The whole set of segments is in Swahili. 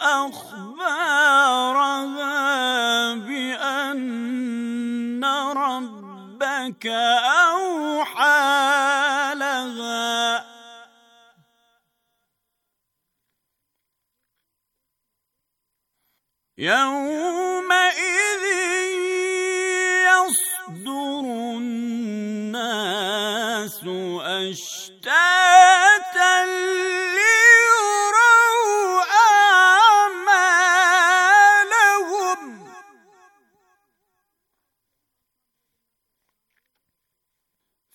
أخبارها بأن ربك أوحى لها يوم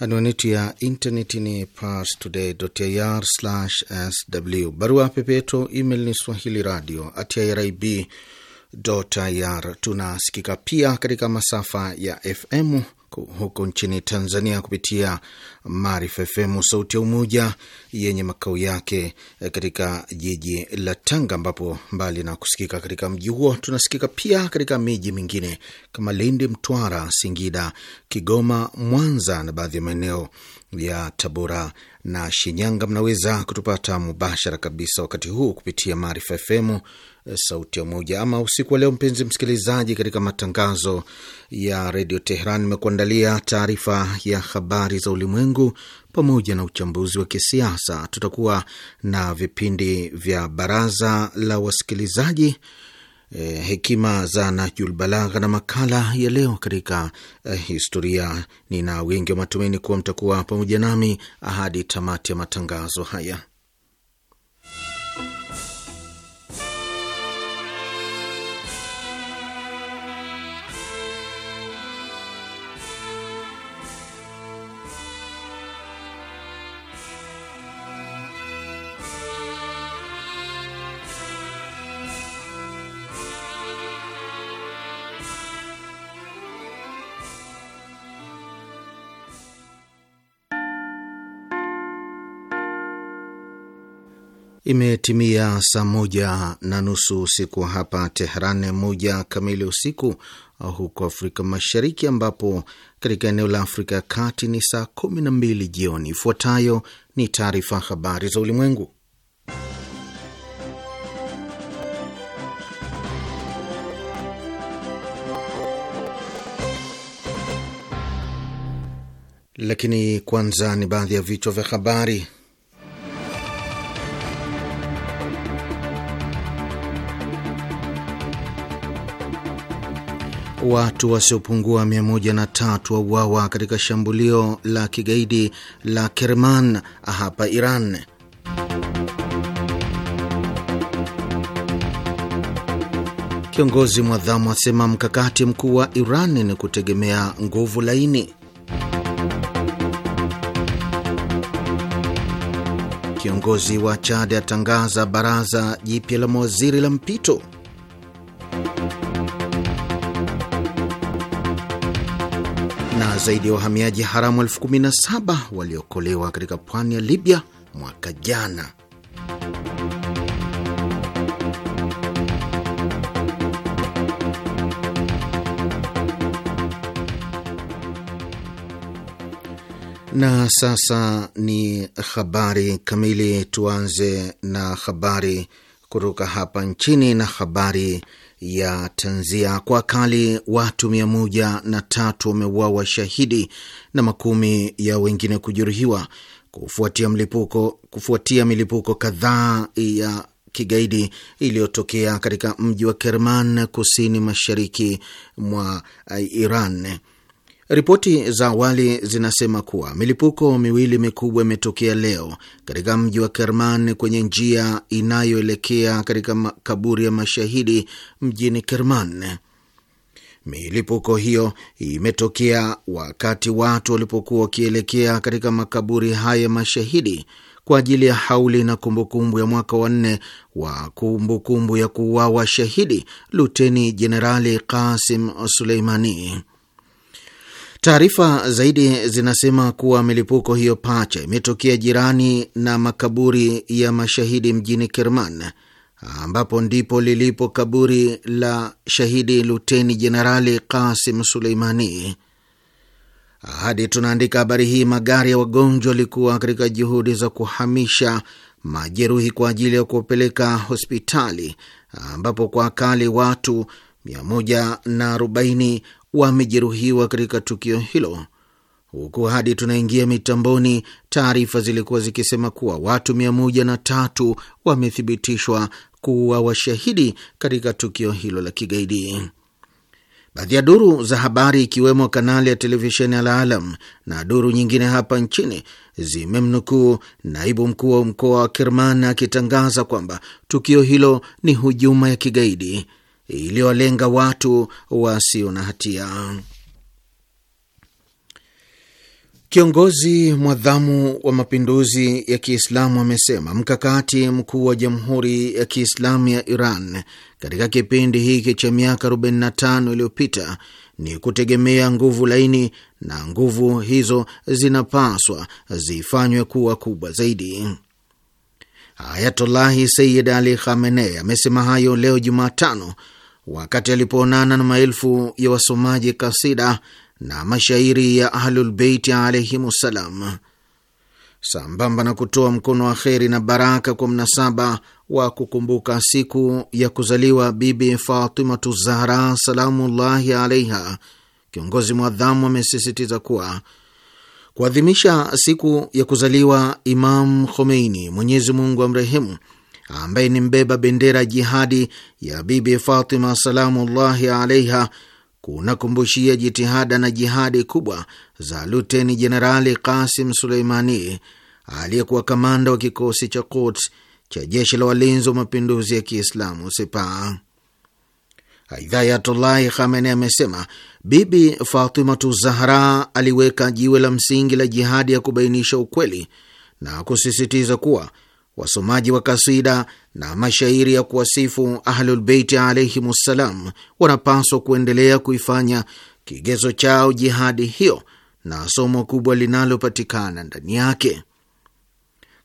Anwani yetu ya intaneti ni parstoday.ir/sw. Barua pepe yetu email ni swahili radio at irib ir. Tunasikika pia katika masafa ya FM huko nchini Tanzania kupitia Maarifa FM sauti ya Umoja yenye makao yake eh, katika jiji la Tanga, ambapo mbali na kusikika katika mji huo tunasikika pia katika miji mingine kama Lindi, Mtwara, Singida, Kigoma, Mwanza na baadhi ya maeneo ya Tabora na Shinyanga. Mnaweza kutupata mubashara kabisa wakati huu kupitia Maarifa FM Sauti ya Umoja. Ama usiku wa leo, mpenzi msikilizaji, katika matangazo ya Redio Teheran imekuandalia taarifa ya habari za ulimwengu pamoja na uchambuzi wa kisiasa. Tutakuwa na vipindi vya baraza la wasikilizaji, eh, hekima za Nahjul Balagha na makala ya leo katika eh, historia. Nina wingi wa matumaini kuwa mtakuwa pamoja nami hadi tamati ya matangazo haya. Imetimia saa moja na nusu usiku hapa Tehran, moja kamili usiku huko Afrika Mashariki, ambapo katika eneo la Afrika ya Kati ni saa kumi na mbili jioni. Ifuatayo ni taarifa habari za ulimwengu, lakini kwanza ni baadhi ya vichwa vya habari. Watu wasiopungua 103 wauawa katika shambulio la kigaidi la Kerman hapa Iran. Kiongozi mwadhamu asema mkakati mkuu wa Iran ni kutegemea nguvu laini. Kiongozi wa Chad atangaza baraza jipya la mawaziri la mpito. zaidi ya wahamiaji haramu elfu kumi na saba waliokolewa katika pwani ya Libya mwaka jana. Na sasa ni habari kamili. Tuanze na habari kutoka hapa nchini na habari ya tanzia kwa akali watu mia moja na tatu wameuawa shahidi na makumi ya wengine kujeruhiwa kufuatia mlipuko kufuatia milipuko kadhaa ya kigaidi iliyotokea katika mji wa Kerman kusini mashariki mwa Iran. Ripoti za awali zinasema kuwa milipuko miwili mikubwa imetokea leo katika mji wa Kerman kwenye njia inayoelekea katika kaburi ya mashahidi mjini Kerman. Milipuko hiyo imetokea wakati watu walipokuwa wakielekea katika makaburi haya ya mashahidi kwa ajili ya hauli na kumbukumbu ya mwaka wa nne wa kumbukumbu ya kuuawa shahidi Luteni Jenerali Kasim Suleimani. Taarifa zaidi zinasema kuwa milipuko hiyo pacha imetokea jirani na makaburi ya mashahidi mjini Kerman, ambapo ndipo lilipo kaburi la shahidi luteni jenerali Kasim Suleimani. Hadi tunaandika habari hii, magari ya wagonjwa walikuwa katika juhudi za kuhamisha majeruhi kwa ajili ya kuwapeleka hospitali, ambapo kwa akali watu 140 wamejeruhiwa katika tukio hilo, huku hadi tunaingia mitamboni taarifa zilikuwa zikisema kuwa watu mia moja na tatu wamethibitishwa kuwa washahidi katika tukio hilo la kigaidi. Baadhi ya duru za habari ikiwemo kanali ya televisheni Al Alam na duru nyingine hapa nchini zimemnukuu naibu mkuu wa mkoa wa Kerman akitangaza kwamba tukio hilo ni hujuma ya kigaidi iliyowalenga watu wasio na hatia. Kiongozi mwadhamu wa mapinduzi ya Kiislamu amesema mkakati mkuu wa Jamhuri ya Kiislamu ya Iran katika kipindi hiki cha miaka 45 iliyopita ni kutegemea nguvu laini, na nguvu hizo zinapaswa zifanywe kuwa kubwa zaidi. Ayatollahi Sayyid Ali Khamenei amesema hayo leo Jumatano wakati alipoonana na maelfu ya wasomaji kasida na mashairi ya Ahlulbeiti alaihimussalam, sambamba na kutoa mkono wa kheri na baraka kwa mnasaba wa kukumbuka siku ya kuzaliwa Bibi Fatimatu Zahra salamullahi alaiha. Kiongozi mwadhamu amesisitiza kuwa kuadhimisha siku ya kuzaliwa Imam Khomeini, Mwenyezi Mungu amrehemu ambaye ni mbeba bendera jihadi ya Bibi Fatima salamullahi alaiha kunakumbushia jitihada na jihadi kubwa za Luteni Jenerali Kasim Suleimani aliyekuwa kamanda wa kikosi cha Quds cha jeshi la walinzi wa mapinduzi ya Kiislamu sepa Aidha, Ayatullahi Khamenei amesema Bibi Fatimatu Zahra aliweka jiwe la msingi la jihadi ya kubainisha ukweli na kusisitiza kuwa wasomaji wa kasida na mashairi ya kuwasifu Ahlulbeiti alaihimussalam wanapaswa kuendelea kuifanya kigezo chao jihadi hiyo na somo kubwa linalopatikana ndani yake.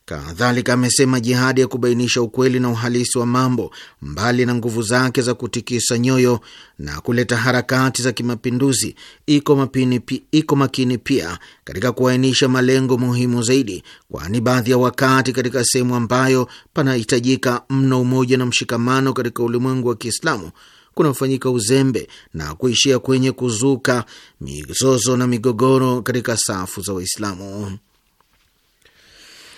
Kadhalika amesema jihadi ya kubainisha ukweli na uhalisi wa mambo, mbali na nguvu zake za kutikisa nyoyo na kuleta harakati za kimapinduzi, iko pi, iko makini pia katika kuainisha malengo muhimu zaidi, kwani baadhi ya wakati katika sehemu ambayo panahitajika mno umoja na mshikamano katika ulimwengu wa Kiislamu kunafanyika uzembe na kuishia kwenye kuzuka mizozo na migogoro katika safu za Waislamu.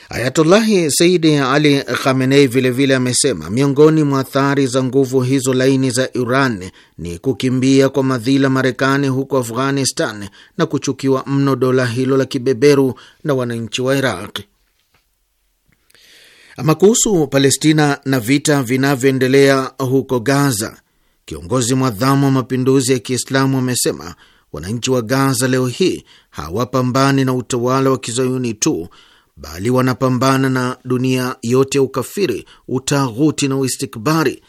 Ayatullahi Saidi Ali Khamenei vilevile amesema miongoni mwa athari za nguvu hizo laini za Iran ni kukimbia kwa madhila Marekani huko Afghanistan na kuchukiwa mno dola hilo la kibeberu na wananchi wa Iraq. Ama kuhusu Palestina na vita vinavyoendelea huko Gaza, kiongozi mwadhamu wa mapinduzi ya Kiislamu amesema wananchi wa Gaza leo hii hawapambani na utawala wa kizayuni tu bali wanapambana na dunia yote ya ukafiri, utaghuti na uistikbari,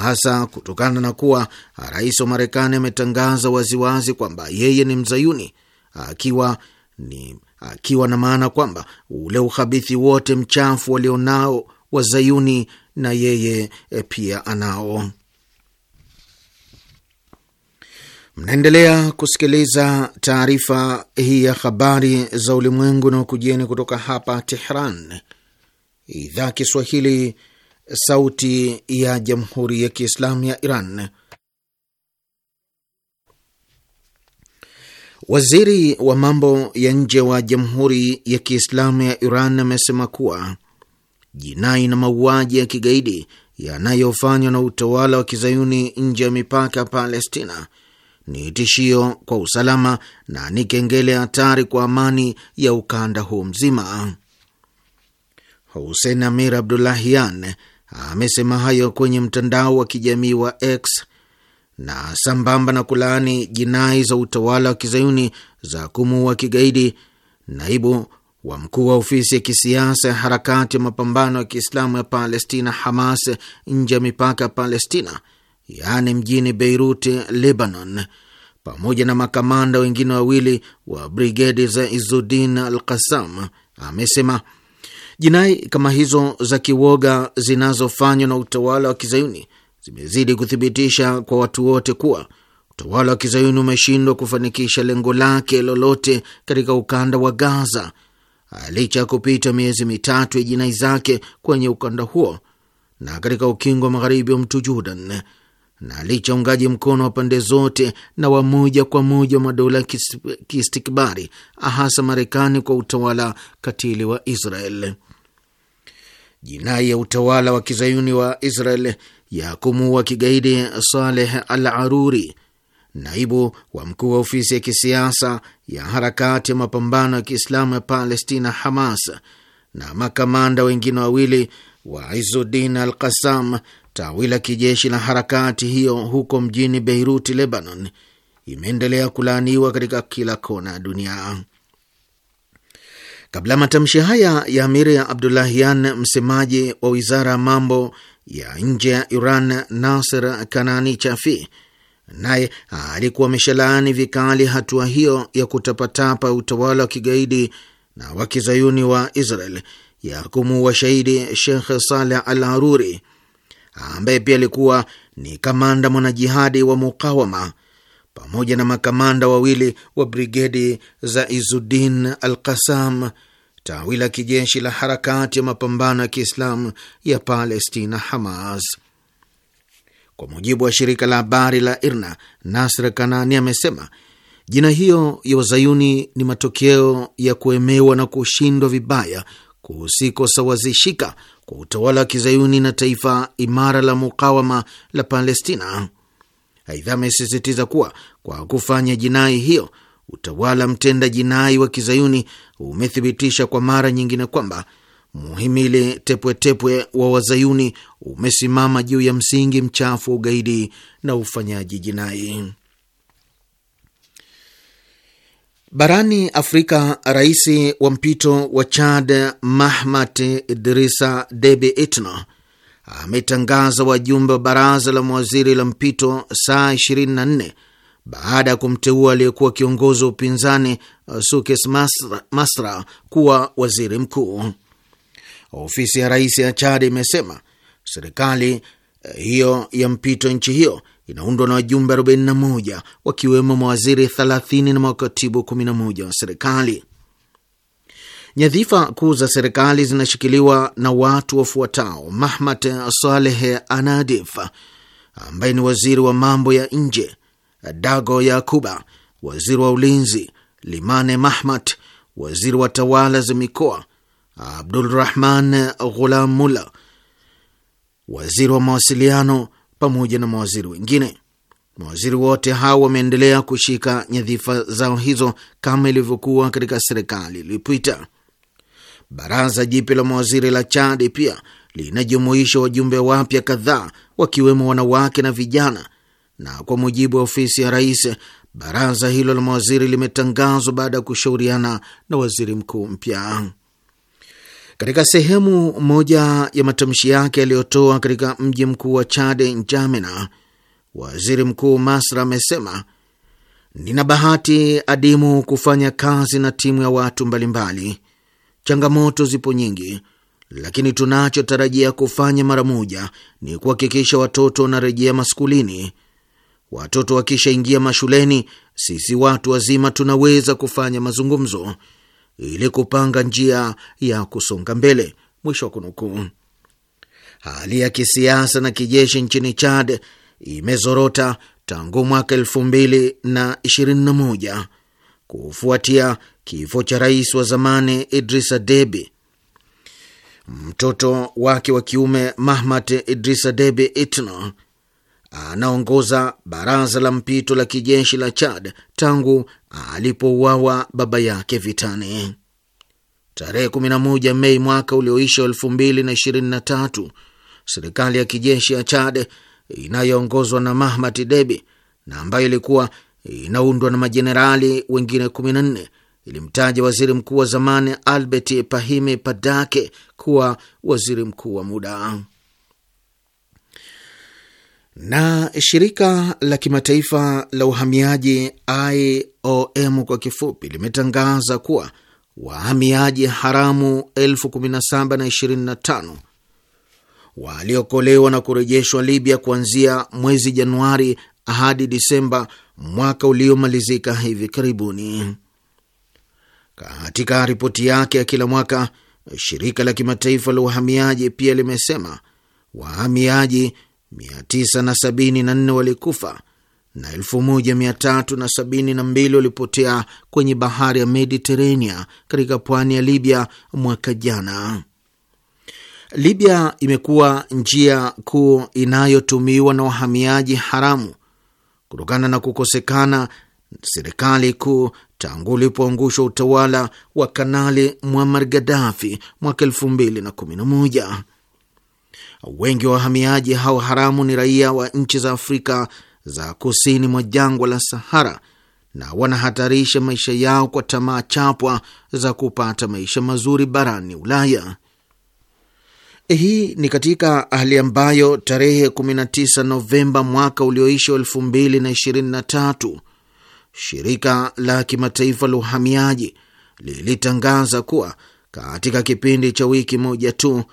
hasa kutokana na kuwa rais wa Marekani ametangaza waziwazi kwamba yeye ni mzayuni, akiwa ni akiwa na maana kwamba ule uhabithi wote mchafu walionao wazayuni na yeye eh, pia anao. Mnaendelea kusikiliza taarifa hii ya habari za ulimwengu na ukujieni kutoka hapa Tehran, idhaa Kiswahili, sauti ya jamhuri ya kiislamu ya Iran. Waziri wa mambo ya nje wa jamhuri ya kiislamu ya Iran amesema kuwa jinai na mauaji ya kigaidi yanayofanywa na utawala wa kizayuni nje ya mipaka ya Palestina ni tishio kwa usalama na ni kengele hatari kwa amani ya ukanda huu mzima. Hussein Amir Abdullahian amesema hayo kwenye mtandao wa kijamii wa X na sambamba na kulaani jinai za utawala wa kizayuni za kumuua kigaidi naibu wa mkuu wa ofisi ya kisiasa ya harakati ya mapambano ya Kiislamu ya Palestina, Hamas, nje ya mipaka ya Palestina yaani mjini Beirut, Lebanon, pamoja na makamanda wengine wawili wa brigedi za Izudin al Qassam, amesema jinai kama hizo za kiwoga zinazofanywa na utawala wa kizayuni zimezidi kuthibitisha kwa watu wote kuwa utawala wa kizayuni umeshindwa kufanikisha lengo lake lolote katika ukanda wa Gaza licha ya kupita miezi mitatu ya jinai zake kwenye ukanda huo na katika ukingo wa magharibi wa mto Jordan na licha ungaji mkono wa pande zote na wa moja kwa moja wa madola kiistikbari, hasa Marekani kwa utawala katili wa Israel. Jinai ya utawala wa kizayuni wa Israel ya kumuua kigaidi Saleh Al Aruri, naibu wa mkuu wa ofisi ya kisiasa ya harakati ya mapambano ya kiislamu ya Palestina, Hamas, na makamanda wengine wawili wa izudin Al Qassam Tawi la kijeshi la harakati hiyo huko mjini beiruti Lebanon, imeendelea kulaaniwa katika kila kona ya dunia. Kabla ya matamshi haya ya Amir ya Abdulahian, msemaji wa wizara ya mambo ya nje ya Iran naser Kanani Chafi naye alikuwa ameshalaani vikali hatua hiyo ya kutapatapa utawala wa kigaidi na wa kizayuni wa Israel ya kumuua shahidi Shekh Saleh Al Haruri ambaye pia alikuwa ni kamanda mwanajihadi wa Mukawama pamoja na makamanda wawili wa brigedi za Izudin al Kasam, tawi la kijeshi la harakati ya mapambano ya Kiislamu ya Palestina, Hamas. Kwa mujibu wa shirika la habari la IRNA, Nasr Kanani amesema jina hiyo ya wazayuni ni matokeo ya kuemewa na kushindwa vibaya kusikosawazishika kwa utawala wa kizayuni na taifa imara la mukawama la Palestina. Aidha, amesisitiza kuwa kwa kufanya jinai hiyo utawala mtenda jinai wa kizayuni umethibitisha kwa mara nyingine kwamba muhimili tepwetepwe wa wazayuni umesimama juu ya msingi mchafu wa ugaidi na ufanyaji jinai. Barani Afrika, rais wa mpito wa Chad Mahmat Idrisa debi Itno ametangaza wajumbe wa baraza la mawaziri la mpito saa 24 baada ya kumteua aliyekuwa kiongozi wa upinzani uh, Sukes Masra, Masra kuwa waziri mkuu. Ofisi ya rais ya Chad imesema serikali uh, hiyo ya mpito nchi hiyo inaundwa na wajumbe 41 wakiwemo mawaziri 30 na makatibu 11 wa serikali. Nyadhifa kuu za serikali zinashikiliwa na watu wafuatao: Mahmat Saleh Anadif ambaye ni waziri wa mambo ya nje, Dago Yakuba waziri wa ulinzi, Limane Mahmat waziri wa tawala za mikoa, Abdulrahman Ghulam Mula waziri wa mawasiliano pamoja na mawaziri wengine. Mawaziri wote hao wameendelea kushika nyadhifa zao hizo kama ilivyokuwa katika serikali iliyopita. Baraza jipya la mawaziri la Chadi pia linajumuisha wajumbe wapya kadhaa wakiwemo wanawake na vijana, na kwa mujibu wa ofisi ya rais, baraza hilo la mawaziri limetangazwa baada ya kushauriana na waziri mkuu mpya. Katika sehemu moja ya matamshi yake aliyotoa katika mji mkuu wa Chade, Njamena, waziri mkuu Masra amesema nina bahati adimu kufanya kazi na timu ya watu mbalimbali. Changamoto zipo nyingi, lakini tunachotarajia kufanya mara moja ni kuhakikisha watoto wanarejea maskulini. Watoto wakishaingia mashuleni, sisi watu wazima tunaweza kufanya mazungumzo ili kupanga njia ya kusonga mbele. Mwisho wa kunukuu. Hali ya kisiasa na kijeshi nchini Chad imezorota tangu mwaka elfu mbili na ishirini na moja kufuatia kifo cha rais wa zamani Idrisa Debi. Mtoto wake wa kiume Mahmat Idrisa Debi Itno anaongoza baraza la mpito la kijeshi la Chad tangu alipouawa baba yake vitani. Tarehe 11 Mei mwaka ulioisha 2023, serikali ya kijeshi ya Chad inayoongozwa na Mahamat Debi na ambayo ilikuwa inaundwa na majenerali wengine 14 ilimtaja waziri mkuu wa zamani Albert Pahime Padake kuwa waziri mkuu wa muda. Na shirika la kimataifa la uhamiaji IOM kwa kifupi limetangaza kuwa wahamiaji haramu 17,025 waliokolewa na kurejeshwa Libya kuanzia mwezi Januari hadi Disemba mwaka uliomalizika hivi karibuni. Katika ripoti yake ya kila mwaka, shirika la kimataifa la uhamiaji pia limesema wahamiaji 974 walikufa na 1372 walipotea kwenye bahari ya Mediterania katika pwani ya Libya mwaka jana. Libya imekuwa njia kuu inayotumiwa na wahamiaji haramu kutokana na kukosekana serikali kuu tangu ulipoangushwa utawala wa Kanali Muammar Gaddafi mwaka 211 Wengi wa wahamiaji hao haramu ni raia wa nchi za Afrika za kusini mwa jangwa la Sahara na wanahatarisha maisha yao kwa tamaa chapwa za kupata maisha mazuri barani Ulaya. Hii ni katika hali ambayo tarehe 19 Novemba mwaka ulioisha 2023 shirika la kimataifa la uhamiaji lilitangaza kuwa katika kipindi cha wiki moja tu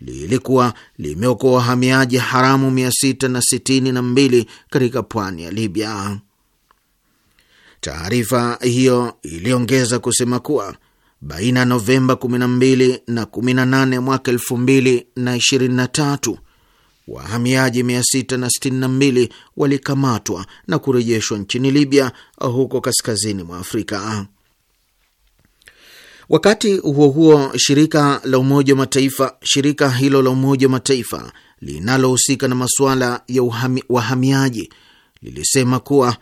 lilikuwa limeokoa wahamiaji haramu 662 katika pwani ya Libya. Taarifa hiyo iliongeza kusema kuwa baina ya Novemba 12 na 18 mwaka 2023 wahamiaji 662 walikamatwa na kurejeshwa nchini Libya, huko kaskazini mwa Afrika. Wakati huo huo, shirika la Umoja wa Mataifa, shirika hilo la Umoja wa Mataifa linalohusika na masuala ya uhami, wahamiaji lilisema kuwa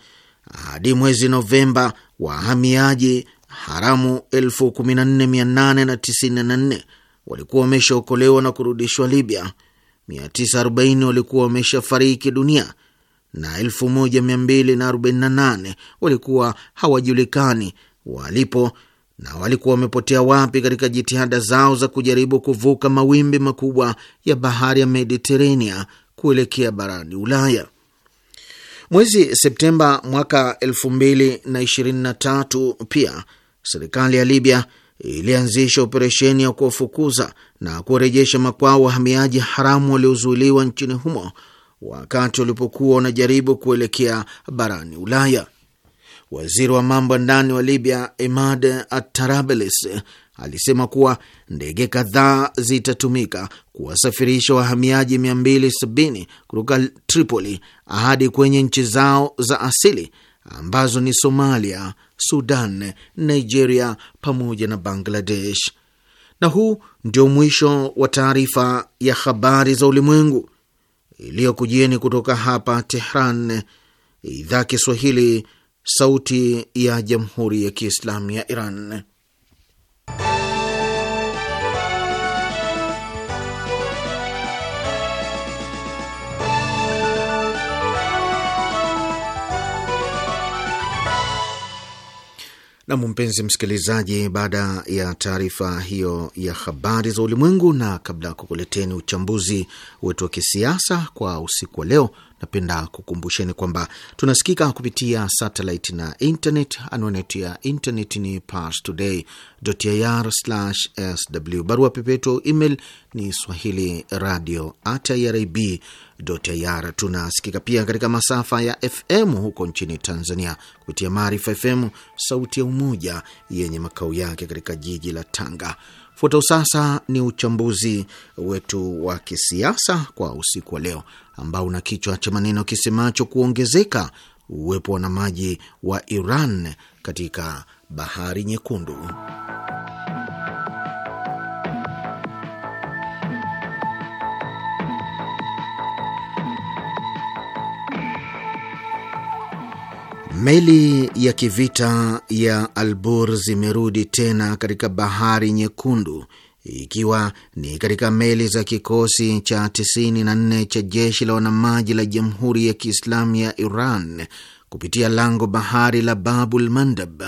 hadi mwezi Novemba wahamiaji haramu 14894 walikuwa wameshaokolewa na kurudishwa Libya, 940 walikuwa wameshafariki dunia na 1248 walikuwa hawajulikani walipo na walikuwa wamepotea wapi katika jitihada zao za kujaribu kuvuka mawimbi makubwa ya bahari ya Mediterania kuelekea barani Ulaya. Mwezi Septemba mwaka 2023 pia serikali ya Libya ilianzisha operesheni ya kuwafukuza na kuwarejesha makwao wahamiaji haramu waliozuiliwa nchini humo wakati walipokuwa wanajaribu kuelekea barani Ulaya. Waziri wa mambo ya ndani wa Libya, Imad Atarabelis, alisema kuwa ndege kadhaa zitatumika kuwasafirisha wahamiaji 270 kutoka Tripoli hadi kwenye nchi zao za asili ambazo ni Somalia, Sudan, Nigeria pamoja na Bangladesh. Na huu ndio mwisho wa taarifa ya habari za ulimwengu iliyokujieni kutoka hapa Tehran, idhaa Kiswahili, Sauti ya Jamhuri ya Kiislamu ya Iran. Nam, mpenzi msikilizaji, baada ya taarifa hiyo ya habari za ulimwengu, na kabla ya kukuleteni uchambuzi wetu wa kisiasa kwa usiku wa leo napenda kukumbusheni kwamba tunasikika kupitia satellite na internet. Anwani yetu ya internet ni parstoday.ir/sw. Barua pepeto email ni swahili radio at irib.ir. Tunasikika pia katika masafa ya FM huko nchini Tanzania kupitia Maarifa FM sauti ya Umoja yenye makao yake katika jiji la Tanga. Fuatao sasa ni uchambuzi wetu wa kisiasa kwa usiku wa leo ambao una kichwa cha maneno kisemacho kuongezeka uwepo na maji wa Iran katika bahari Nyekundu. Meli ya kivita ya albur imerudi tena katika bahari Nyekundu ikiwa ni katika meli za kikosi cha 94 cha jeshi la wanamaji la Jamhuri ya Kiislamu ya Iran kupitia lango bahari la Babul Mandab.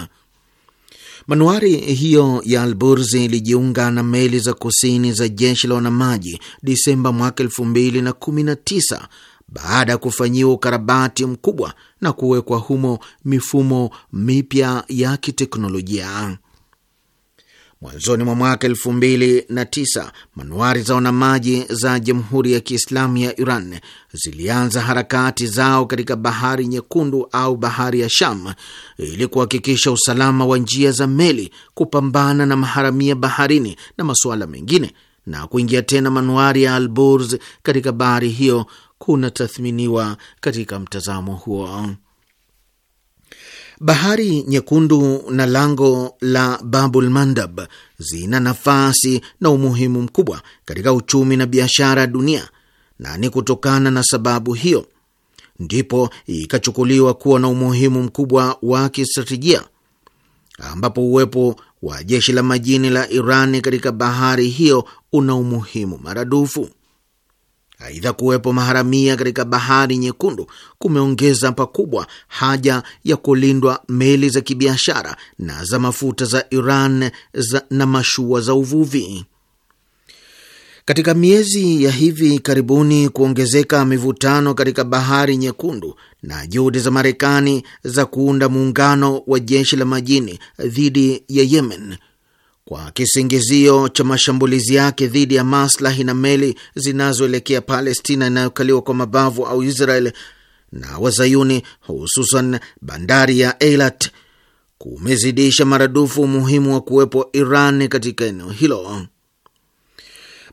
Manuari hiyo ya Alburzi ilijiunga na meli za kusini za jeshi la wanamaji Disemba mwaka 2019 baada ya kufanyiwa ukarabati mkubwa na kuwekwa humo mifumo mipya ya kiteknolojia. Mwanzoni mwa mwaka elfu mbili na tisa manuari za wanamaji za Jamhuri ya Kiislamu ya Iran zilianza harakati zao katika Bahari Nyekundu au Bahari ya Sham ili kuhakikisha usalama wa njia za meli, kupambana na maharamia baharini na masuala mengine. Na kuingia tena manuari ya Alburz katika bahari hiyo kuna tathminiwa katika mtazamo huo. Bahari Nyekundu na lango la Babul Mandab zina nafasi na umuhimu mkubwa katika uchumi na biashara ya dunia, na ni kutokana na sababu hiyo ndipo ikachukuliwa kuwa na umuhimu mkubwa wa kistratejia, ambapo uwepo wa jeshi la majini la Irani katika bahari hiyo una umuhimu maradufu. Aidha, kuwepo maharamia katika bahari Nyekundu kumeongeza pakubwa haja ya kulindwa meli za kibiashara na za mafuta za Iran za na mashua za uvuvi. Katika miezi ya hivi karibuni, kuongezeka mivutano katika bahari Nyekundu na juhudi za Marekani za kuunda muungano wa jeshi la majini dhidi ya Yemen kwa kisingizio cha mashambulizi yake dhidi ya maslahi na meli zinazoelekea Palestina inayokaliwa kwa mabavu au Israel na Wazayuni, hususan bandari ya Eilat kumezidisha maradufu umuhimu wa kuwepo Iran katika eneo hilo.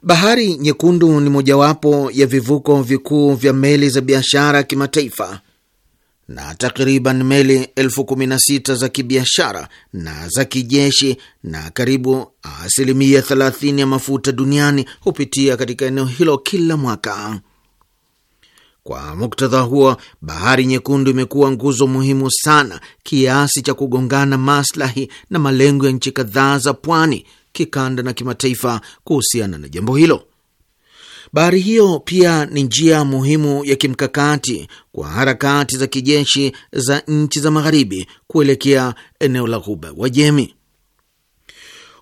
Bahari Nyekundu ni mojawapo ya vivuko vikuu vya meli za biashara kimataifa na takriban meli elfu kumi na sita za kibiashara na za kijeshi na karibu asilimia 30 ya mafuta duniani hupitia katika eneo hilo kila mwaka. Kwa muktadha huo, Bahari Nyekundu imekuwa nguzo muhimu sana kiasi cha kugongana maslahi na malengo ya nchi kadhaa za pwani, kikanda na kimataifa kuhusiana na jambo hilo. Bahari hiyo pia ni njia muhimu ya kimkakati kwa harakati za kijeshi za nchi za magharibi kuelekea eneo la Ghuba Wajemi.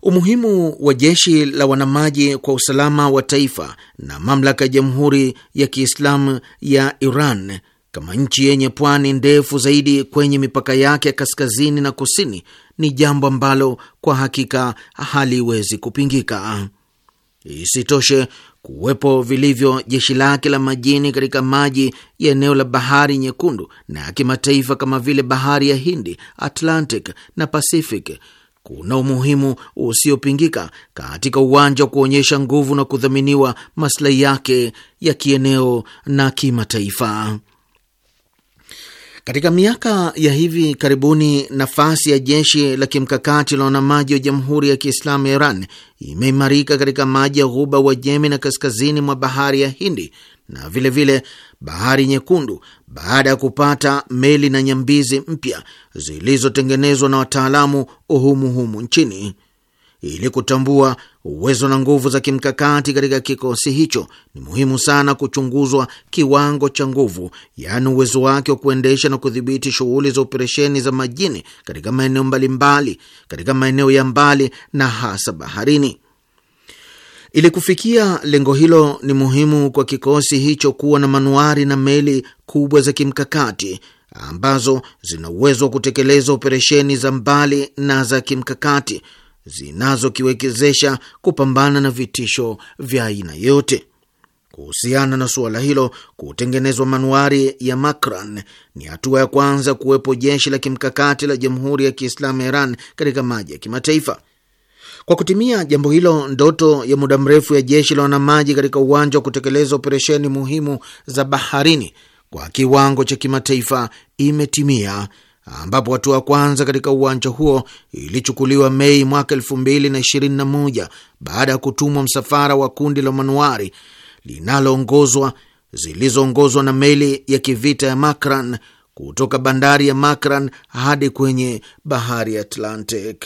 Umuhimu wa jeshi la wanamaji kwa usalama wa taifa na mamlaka ya Jamhuri ya Kiislamu ya Iran kama nchi yenye pwani ndefu zaidi kwenye mipaka yake ya kaskazini na kusini ni jambo ambalo kwa hakika haliwezi kupingika. Isitoshe, kuwepo vilivyo jeshi lake la majini katika maji ya eneo la bahari nyekundu na ya kimataifa kama vile bahari ya Hindi, Atlantic na Pacific kuna umuhimu usiopingika katika uwanja wa kuonyesha nguvu na kudhaminiwa maslahi yake ya kieneo na kimataifa. Katika miaka ya hivi karibuni nafasi ya jeshi la kimkakati la wanamaji wa Jamhuri ya Kiislamu ya Iran imeimarika katika maji ya ghuba Jemi na kaskazini mwa bahari ya Hindi na vilevile vile bahari Nyekundu baada ya kupata meli na nyambizi mpya zilizotengenezwa na wataalamu humuhumu nchini ili kutambua uwezo na nguvu za kimkakati katika kikosi hicho, ni muhimu sana kuchunguzwa kiwango cha nguvu, yaani uwezo wake wa kuendesha na kudhibiti shughuli za operesheni za majini katika maeneo mbalimbali, katika maeneo ya mbali na hasa baharini. Ili kufikia lengo hilo, ni muhimu kwa kikosi hicho kuwa na manuari na meli kubwa za kimkakati ambazo zina uwezo wa kutekeleza operesheni za mbali na za kimkakati zinazokiwekezesha kupambana na vitisho vya aina yote. Kuhusiana na suala hilo, kutengenezwa manuari ya Makran ni hatua ya kwanza kuwepo jeshi la kimkakati la Jamhuri ya Kiislamu ya Iran katika maji ya kimataifa. Kwa kutimia jambo hilo, ndoto ya muda mrefu ya jeshi la wanamaji katika uwanja wa kutekeleza operesheni muhimu za baharini kwa kiwango cha kimataifa imetimia, ambapo hatua ya kwanza katika uwanja huo ilichukuliwa Mei mwaka 2021 baada ya kutumwa msafara wa kundi la manuari linaloongozwa zilizoongozwa na meli ya kivita ya Makran kutoka bandari ya Makran hadi kwenye bahari ya Atlantic.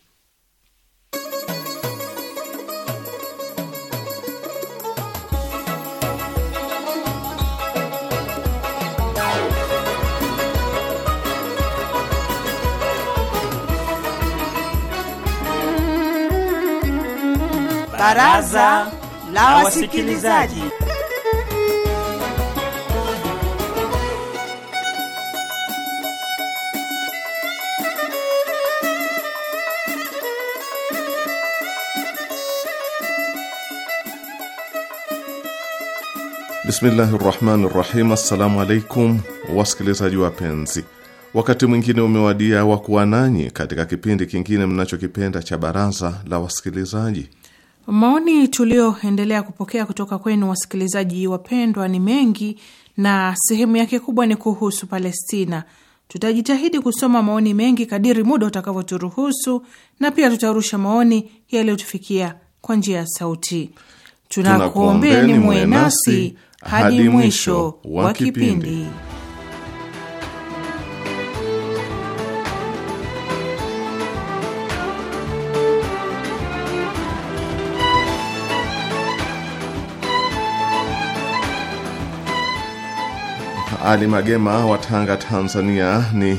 Baraza la Wasikilizaji. Bismillahi rahmani rahim. Assalamu alaikum wasikilizaji wapenzi, wakati mwingine umewadia wa kuwa nanyi katika kipindi kingine mnachokipenda cha baraza la wasikilizaji. Maoni tuliyoendelea kupokea kutoka kwenu wasikilizaji wapendwa ni mengi na sehemu yake kubwa ni kuhusu Palestina. Tutajitahidi kusoma maoni mengi kadiri muda utakavyoturuhusu, na pia tutarusha maoni yaliyotufikia kwa njia ya sauti. Tunakuombeni muwe nasi hadi mwisho wa kipindi. Ali Magema wa Tanga, Tanzania ni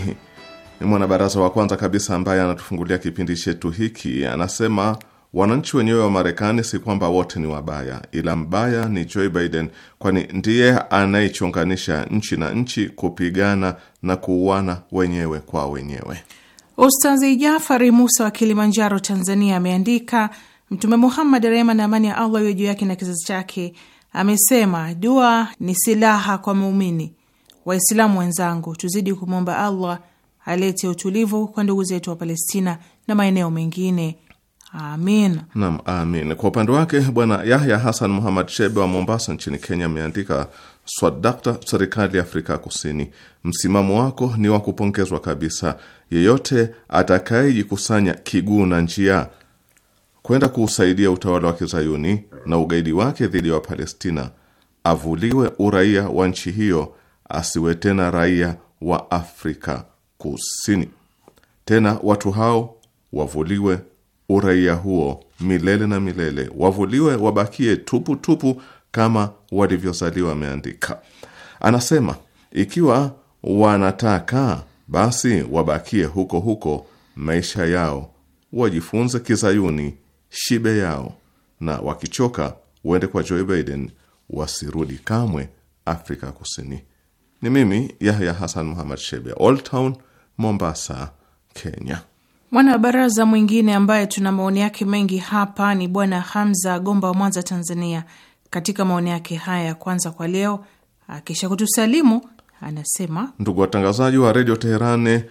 mwanabaraza wa kwanza kabisa ambaye anatufungulia kipindi chetu hiki. Anasema wananchi wenyewe wa Marekani si kwamba wote ni wabaya, ila mbaya ni Joe Biden, kwani ndiye anayechonganisha nchi na nchi kupigana na kuuana wenyewe kwa wenyewe. Ustazi Jafari Musa wa Kilimanjaro, Tanzania ameandika Mtume Muhammad, rehema na amani ya Allah iwe juu yake na kizazi chake, amesema dua ni silaha kwa muumini Waislamu wenzangu, tuzidi kumwomba Allah alete utulivu kwa ndugu zetu wa Palestina na maeneo mengine. Amin. Naam, amin. Kwa upande wake Bwana Yahya Hassan Muhammad Shebe wa Mombasa nchini Kenya ameandika swadakta, serikali ya Afrika Kusini, msimamo wako ni wa kupongezwa kabisa. Yeyote atakayejikusanya kiguu na njia kwenda kuusaidia utawala wa kizayuni na ugaidi wake dhidi ya wa Wapalestina avuliwe uraia wa nchi hiyo asiwe tena raia wa Afrika Kusini. Tena watu hao wavuliwe uraia huo milele na milele, wavuliwe wabakie tupu tupu kama walivyozaliwa, ameandika. Anasema ikiwa wanataka basi wabakie huko huko maisha yao, wajifunze kizayuni shibe yao, na wakichoka waende kwa Joe Biden, wasirudi kamwe Afrika Kusini. Ni mimi Yahya Hasan Muhammad Shebe, Old Town, Mombasa, Kenya. Mwanabaraza mwingine ambaye tuna maoni yake mengi hapa ni Bwana Hamza Gomba wa Mwanza, Tanzania. Katika maoni yake haya ya kwanza kwa leo, akisha kutusalimu anasema: ndugu watangazaji wa redio Teherane,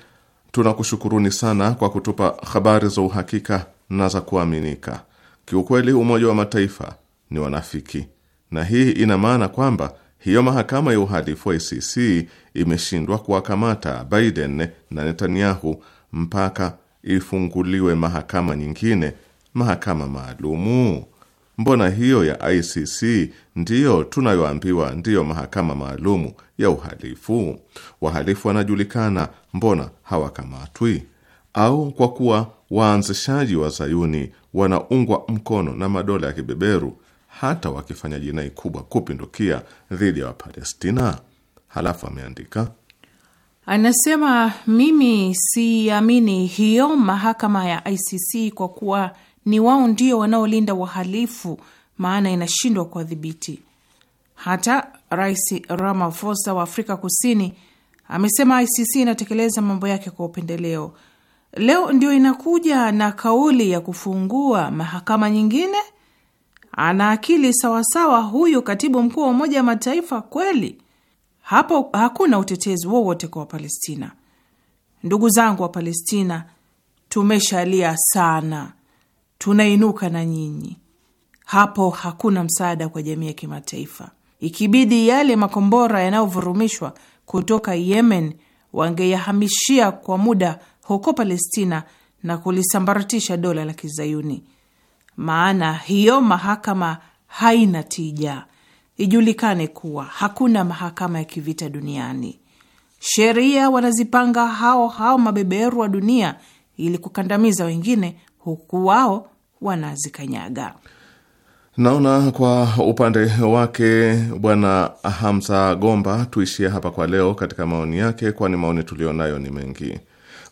tunakushukuruni sana kwa kutupa habari za uhakika na za kuaminika. Kiukweli Umoja wa Mataifa ni wanafiki, na hii ina maana kwamba hiyo mahakama ya uhalifu wa ICC imeshindwa kuwakamata Biden na Netanyahu mpaka ifunguliwe mahakama nyingine, mahakama maalumu. Mbona hiyo ya ICC ndiyo tunayoambiwa ndiyo mahakama maalumu ya uhalifu? Wahalifu wanajulikana, mbona hawakamatwi? Au kwa kuwa waanzishaji wa Zayuni wanaungwa mkono na madola ya kibeberu hata wakifanya jinai kubwa kupindukia dhidi ya Wapalestina? Halafu ameandika anasema, mimi siamini hiyo mahakama ya ICC kwa kuwa ni wao ndio wanaolinda wahalifu, maana inashindwa kuwadhibiti. Hata Rais Ramaphosa wa Afrika Kusini amesema ICC inatekeleza mambo yake kwa upendeleo. Leo ndio inakuja na kauli ya kufungua mahakama nyingine ana akili sawasawa huyu katibu mkuu wa Umoja wa Mataifa kweli? Hapo hakuna utetezi wowote kwa Wapalestina. Ndugu zangu wa Palestina, tumeshalia sana, tunainuka na nyinyi. Hapo hakuna msaada kwa jamii ya kimataifa. Ikibidi yale makombora yanayovurumishwa kutoka Yemen wangeyahamishia kwa muda huko Palestina na kulisambaratisha dola la Kizayuni maana hiyo mahakama haina tija. Ijulikane kuwa hakuna mahakama ya kivita duniani. Sheria wanazipanga hao hao mabeberu wa dunia ili kukandamiza wengine, huku wao wanazikanyaga. Naona kwa upande wake Bwana Hamza Gomba tuishie hapa kwa leo katika maoni yake, kwani maoni tuliyonayo ni mengi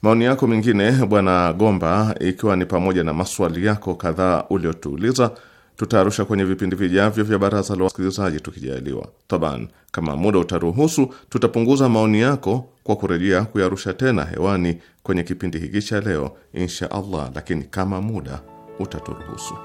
maoni yako mengine Bwana Gomba, ikiwa ni pamoja na maswali yako kadhaa uliotuuliza tutaarusha kwenye vipindi vijavyo vya baraza la wasikilizaji tukijaliwa. Taban, kama muda utaruhusu, tutapunguza maoni yako kwa kurejea kuyarusha tena hewani kwenye kipindi hiki cha leo insha Allah, lakini kama muda utaturuhusu.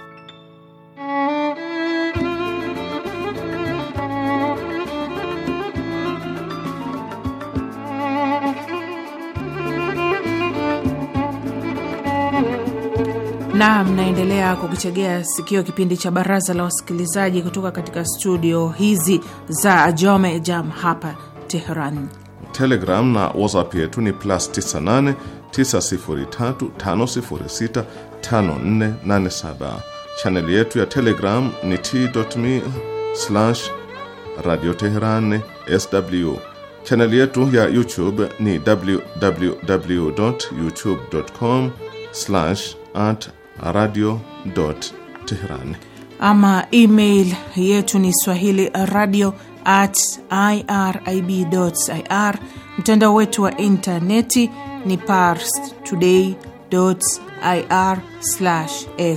na mnaendelea kukichegea sikio kipindi cha baraza la wasikilizaji kutoka katika studio hizi za Jome Jam hapa Teheran. Telegram na WhatsApp yetu ni plus 98 Chaneli yetu ya Telegram ni t.me radio Teheran sw. Chaneli yetu ya YouTube ni www youtube.com at radio Tehran. Ama email yetu ni swahili radio at irib ir. Mtandao wetu wa intaneti ni pars today ir sw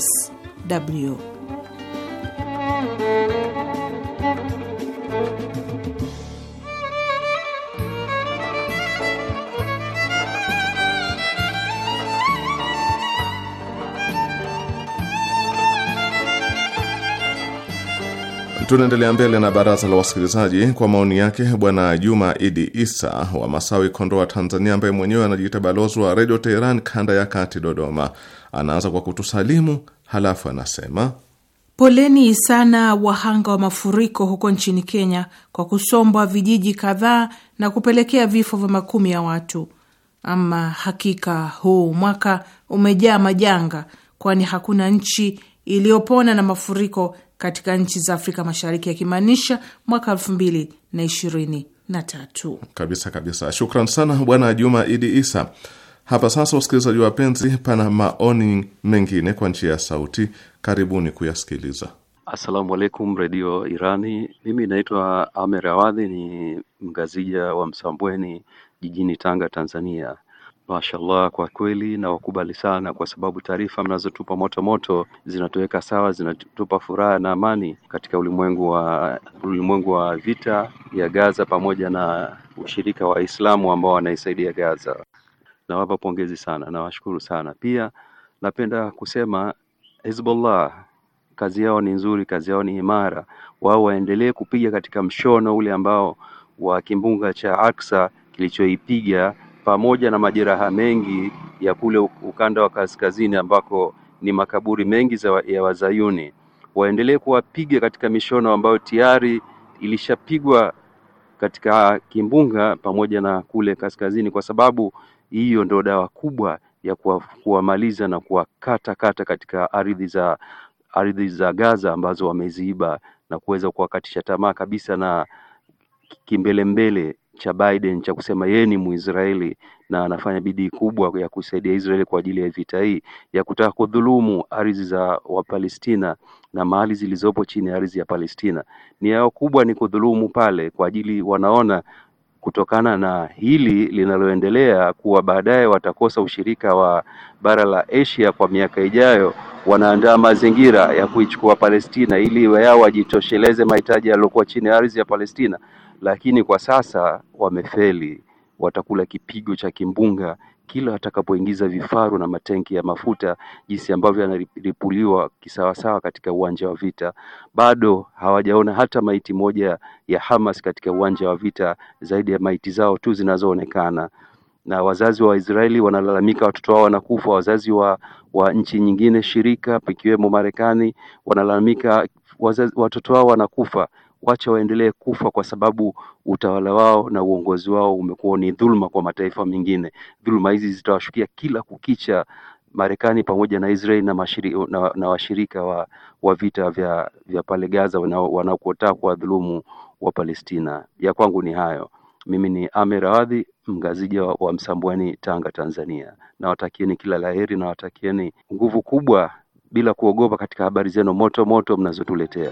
Tunaendelea mbele na baraza la wasikilizaji kwa maoni yake Bwana Juma Idi Isa wa Masawi, Kondoa, Tanzania, ambaye mwenyewe anajiita balozi wa Redio Teheran kanda ya kati, Dodoma. Anaanza kwa kutusalimu halafu anasema poleni sana wahanga wa mafuriko huko nchini Kenya kwa kusombwa vijiji kadhaa na kupelekea vifo vya makumi ya watu. Ama hakika huu mwaka umejaa majanga, kwani hakuna nchi iliyopona na mafuriko katika nchi za Afrika Mashariki, yakimaanisha mwaka elfu mbili na ishirini na tatu. Kabisa kabisa, shukran sana Bwana Juma Idi Isa. Hapa sasa, wasikilizaji wapenzi, pana maoni mengine kwa njia ya sauti, karibuni kuyasikiliza. Assalamu alaikum redio Irani. Mimi naitwa Amer Awadhi, ni mgazija wa Msambweni jijini Tanga, Tanzania. Mashallah, kwa kweli na wakubali sana, kwa sababu taarifa mnazotupa moto moto zinatuweka sawa, zinatupa furaha na amani katika ulimwengu wa ulimwengu wa vita ya Gaza pamoja na ushirika wa Islamu ambao wanaisaidia Gaza. Nawapa pongezi sana, nawashukuru sana. Pia napenda kusema Hezbollah kazi yao ni nzuri, kazi yao ni imara. Wao waendelee kupiga katika mshono ule ambao wa kimbunga cha Aksa kilichoipiga pamoja na majeraha mengi ya kule ukanda wa kaskazini ambako ni makaburi mengi za, ya Wazayuni, waendelee kuwapiga katika mishono ambayo tayari ilishapigwa katika kimbunga pamoja na kule kaskazini, kwa sababu hiyo ndio dawa kubwa ya kuwamaliza kuwa na kuwakatakata katika ardhi za ardhi za Gaza ambazo wameziiba na kuweza kuwakatisha tamaa kabisa na kimbelembele cha Biden cha kusema yeye ni Mwisraeli na anafanya bidii kubwa ya kusaidia Israeli kwa ajili ya vita hii ya kutaka kudhulumu ardhi za Wapalestina na mali zilizopo chini ya ardhi ya Palestina. Nia yao kubwa ni kudhulumu pale, kwa ajili wanaona kutokana na hili linaloendelea kuwa baadaye watakosa ushirika wa bara la Asia kwa miaka ijayo. Wanaandaa mazingira ya kuichukua Palestina ili wao wajitosheleze mahitaji yaliyokuwa chini ya ardhi ya Palestina lakini kwa sasa wamefeli, watakula kipigo cha kimbunga kila atakapoingiza vifaru na matenki ya mafuta jinsi ambavyo yanaripuliwa kisawasawa katika uwanja wa vita. Bado hawajaona hata maiti moja ya Hamas katika uwanja wa vita, zaidi ya maiti zao tu zinazoonekana. Na wazazi wa Israeli wanalalamika watoto wao wanakufa. Wazazi wa, wa nchi nyingine shirika, ikiwemo Marekani, wanalalamika wazazi, watoto wao wanakufa wacha waendelee kufa kwa sababu utawala wao na uongozi wao umekuwa ni dhuluma kwa mataifa mengine. Dhuluma hizi zitawashukia kila kukicha Marekani pamoja na Israeli na, mashiri, na, na washirika wa, wa vita vya, vya pale Gaza wanaokotaa dhulumu wa Palestina. Ya kwangu ni hayo. Mimi ni Amer Awadhi mgazija wa, wa Msambwani, Tanga, Tanzania. Nawatakieni kila laheri, nawatakieni nguvu kubwa bila kuogopa katika habari zenu moto moto mnazotuletea.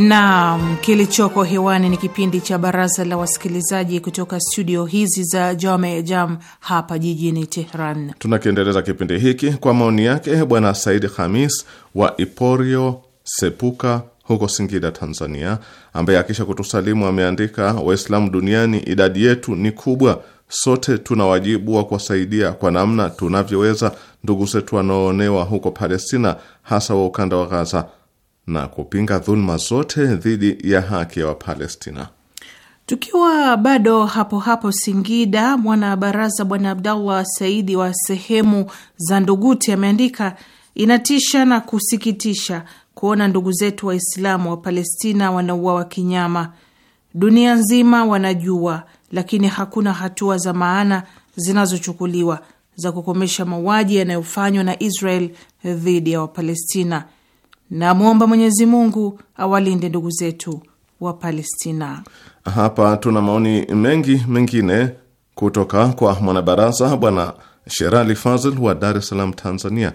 Naam, kilichoko hewani ni kipindi cha baraza la wasikilizaji kutoka studio hizi za Jome Jam hapa jijini Tehran. Tunakiendeleza kipindi hiki kwa maoni yake Bwana Saidi hamis wa Iporio Sepuka huko Singida, Tanzania, ambaye akisha kutusalimu ameandika, Waislamu duniani idadi yetu ni kubwa, sote tuna wajibu wa kuwasaidia kwa namna tunavyoweza ndugu zetu wanaoonewa huko Palestina, hasa wa ukanda wa Gaza na kupinga dhuluma zote dhidi ya haki ya Wapalestina. Tukiwa bado hapo hapo Singida, mwana baraza Bwana Abdallah Saidi wa sehemu za Nduguti ameandika, inatisha na kusikitisha kuona ndugu zetu Waislamu wa Palestina wanauawa kinyama. Dunia nzima wanajua, lakini hakuna hatua za maana zinazochukuliwa za kukomesha mauaji yanayofanywa na Israel dhidi ya Wapalestina. Namwomba Mwenyezi Mungu awalinde ndugu zetu wa Palestina. Hapa tuna maoni mengi mengine kutoka kwa mwanabaraza Bwana Sherali Fazil wa Dar es Salaam, Tanzania.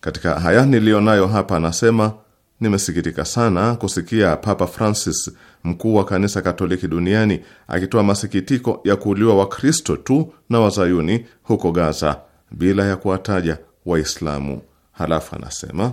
Katika haya niliyonayo hapa, anasema nimesikitika sana kusikia Papa Francis, mkuu wa kanisa Katoliki duniani, akitoa masikitiko ya kuuliwa Wakristo tu na Wazayuni huko Gaza bila ya kuwataja Waislamu. Halafu anasema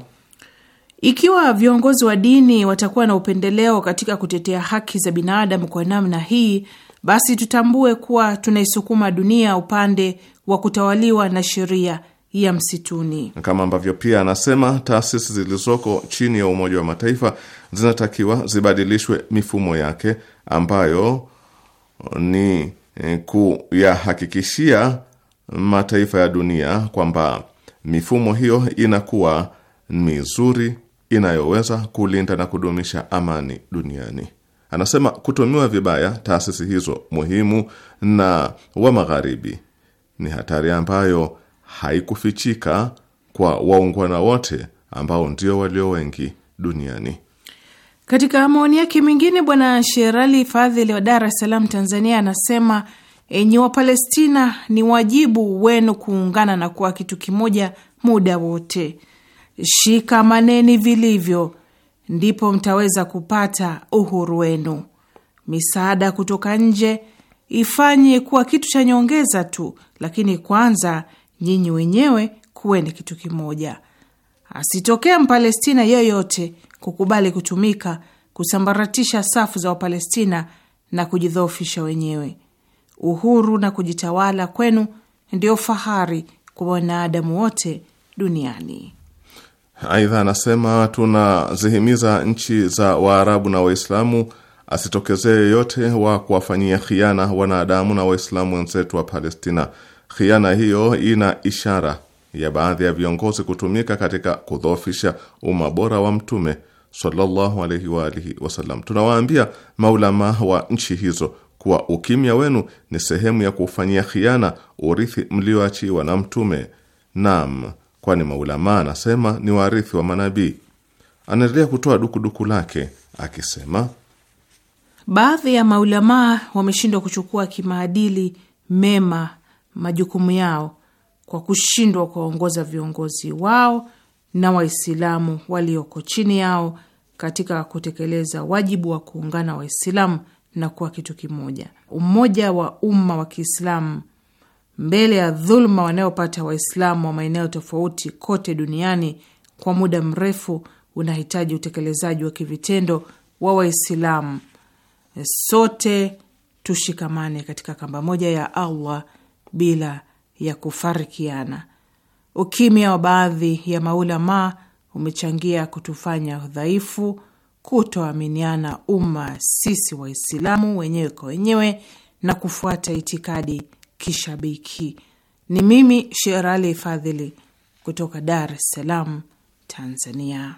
ikiwa viongozi wa dini watakuwa na upendeleo katika kutetea haki za binadamu kwa namna hii, basi tutambue kuwa tunaisukuma dunia upande wa kutawaliwa na sheria ya msituni. Kama ambavyo pia anasema taasisi zilizoko chini ya Umoja wa Mataifa zinatakiwa zibadilishwe mifumo yake ambayo ni eh, kuyahakikishia mataifa ya dunia kwamba mifumo hiyo inakuwa mizuri inayoweza kulinda na kudumisha amani duniani. Anasema kutumiwa vibaya taasisi hizo muhimu na wa Magharibi ni hatari ambayo haikufichika kwa waungwana wote ambao ndio walio wengi duniani. Katika maoni yake mengine, Bwana Sherali Fadhili wa Dar es Salaam, Tanzania, anasema enyi Wapalestina, ni wajibu wenu kuungana na kuwa kitu kimoja muda wote shikamaneni vilivyo, ndipo mtaweza kupata uhuru wenu. Misaada kutoka nje ifanye kuwa kitu cha nyongeza tu, lakini kwanza nyinyi wenyewe kuweni kitu kimoja. Asitokee Mpalestina yeyote kukubali kutumika kusambaratisha safu za Wapalestina na kujidhoofisha wenyewe. Uhuru na kujitawala kwenu ndio fahari kwa wanadamu wote duniani. Aidha anasema tunazihimiza nchi za Waarabu na Waislamu asitokezee yoyote wa kuwafanyia khiana wanadamu na Waislamu wenzetu wa Palestina. Khiana hiyo ina ishara ya baadhi ya viongozi kutumika katika kudhoofisha umma bora wa Mtume sallallahu alaihi wa alihi wasallam. Tunawaambia maulama wa nchi hizo kuwa ukimya wenu ni sehemu ya kufanyia khiana urithi mlioachiwa na Mtume. Naam kwani maulamaa anasema ni waarithi wa manabii. Anaendelea kutoa dukuduku lake akisema, baadhi ya maulamaa wameshindwa kuchukua kimaadili mema majukumu yao kwa kushindwa kuwaongoza viongozi wao na Waislamu walioko chini yao katika kutekeleza wajibu wa kuungana Waislamu na kuwa kitu kimoja, umoja wa umma wa Kiislamu mbele ya dhuluma wanayopata Waislamu wa maeneo tofauti kote duniani kwa muda mrefu unahitaji utekelezaji wa kivitendo wa Waislamu. Sote tushikamane katika kamba moja ya Allah bila ya kufarikiana. Ukimya wa baadhi ya maulamaa umechangia kutufanya dhaifu, kutoaminiana umma sisi Waislamu wenyewe kwa wenyewe na kufuata itikadi kishabiki. Ni mimi Sherali Fadhili kutoka Dar es Salaam, Tanzania.